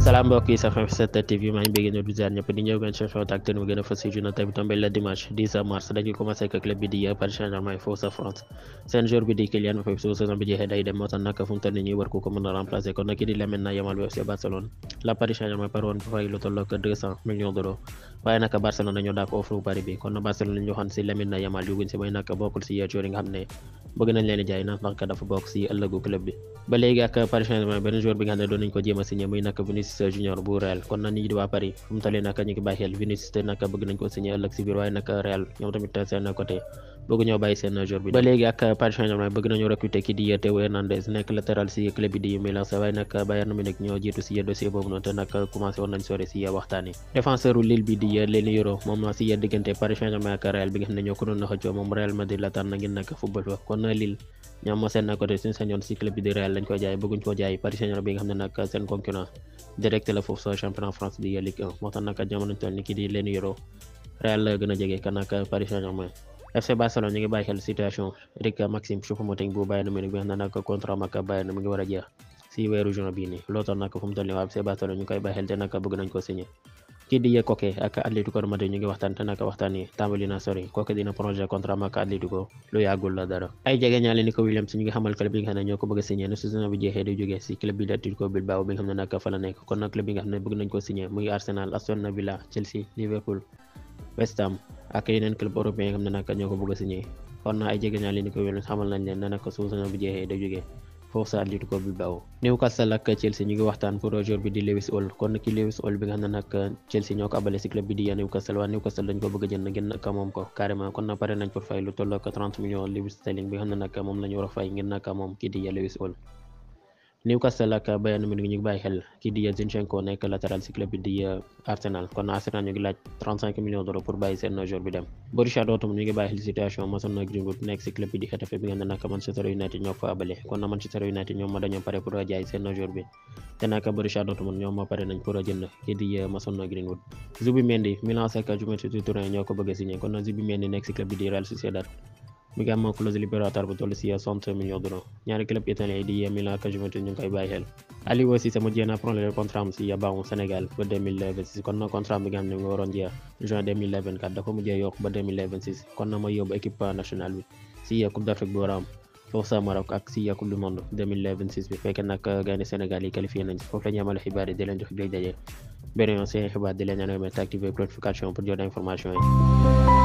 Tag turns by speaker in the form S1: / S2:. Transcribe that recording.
S1: salaam mbokk sa F7 TV maa ngi bëgg ñu di ziar ñëpp di ñëw gën a fës si journée dimanche mars dañuy commencé club bi di Paris saint foofu sa France seen joueur bi di Kylian Mbappé su saison bi jeexee day dem moo tax nag fu mu toll ñuy war ko ko remplacer kon nag ki di Lamine Yamal bu FC Barcelone la Paris Saint-Germain woon fay lu toll ak 200 millions d'euros Barcelone dañoo daak offre bu Paris bi kon Barcelone li ñu bëgg nañ leen jaay ndax Barca dafa bokk si ëllëgu club bi ba léegi ak Paris Saint-Germain benn joueur bi nga xam ne doon nañ ko jéem a signé muy nag Vinicius Junior bu Real kon na ñi di waa Paris fu mu toll ñu ngi bàyyi xel te nag bëgg nañ ko signé ëllëg si biir waaye nag Real ñoom tamit seen côté bëgg ñoo bàyyi seen jour bi ba léegi ak Paris saint bëgg nañu recruter ki di Théo Hernandez nekk latéral si club bi di Milan waaye nag Bayern Munich ñoo jiitu si dossier boobu noonu te nag commencé woon nañ sore si waxtaan yi défenseuru Lille bi di Leniero moom si diggante Paris saint ak Real bi nga xam ne ñoo ko doon moom Real Madrid la tànn ngir nag football fa kon Lille ñoom seen côté suñu sañoon si club seen concurrent direct FC Barcelone ñu ngi bàyyi situation Eric Maxim Choupo-Moting bu Bayern Munich bi nga xam ne nag contrat am ak mu ngi war a jeex si weeru juin bii nii loolu tax nag mu toll nii waa dina prolonger contrat am ak Atlético lu yàggul la dara ay jege ñaale Nico Williams ñu ngi xamal club yi nga xam ne ñoo ko bëgg a signé ne saison bi jeexee di jógee si club bi di Atlético Bilbao bi nga xam ne nag fa nekk kon nag club yi nga xam ne bëgg West ak yeneen club européen xam ne nag ñoo ko bëgg a signé xamal nañ leen ne nag su bu jeexee da jógee foofu sa Atlético Bilbao. bi di Lewis Hall kon Chelsea ñoo ko abale si club bi di Newcastle waa Newcastle dañ ko bëgg jënd ngeen nag moom ko carrément kon na pare nañ pour fay lu toll ak 30 millions livres bi nga xam ne nag moom la ñu fay ngeen nag moom kii di Lewis Hall. Newcastle ak Bayern Munich ñu ngi bàyyi xel kii di Zinchenko nekk latéral ci club bi di euh, Arsenal kon Arsenal ñu ngi laaj 35 millions d'euros pour bàyyi seen joueur bi dem Borussia Dortmund ñu ngi bàyyi xel situation Mason Greenwood nekk ci club bi di Getafe bi nga ne nag Manchester United ñoo fa abale kon na Manchester United ñoom ma dañoo pare pour jaay seen joueur bi te nag Borussia Dortmund ñoom ma pare nañ pour jënd mu ngi am clause bu toll si 60 millions d'euros ñaari club italien yi di Milan ak Juventus ñu ngi koy bàyyi xel Aliou Cissé mu jéem bi nga ne mu ngi juin 2024 mujjee yokk ba kon na ma yóbbu équipe nationale bi si Coupe d'Afrique bu war a foofu sa Maroc ak si Coupe du monde bi fekkee nag gaynde Sénégal yi qualifié nañ foofu la ñu amale xibaar yi di leen jox jox daje beneen yoon xibaar di leen ñaan ngeen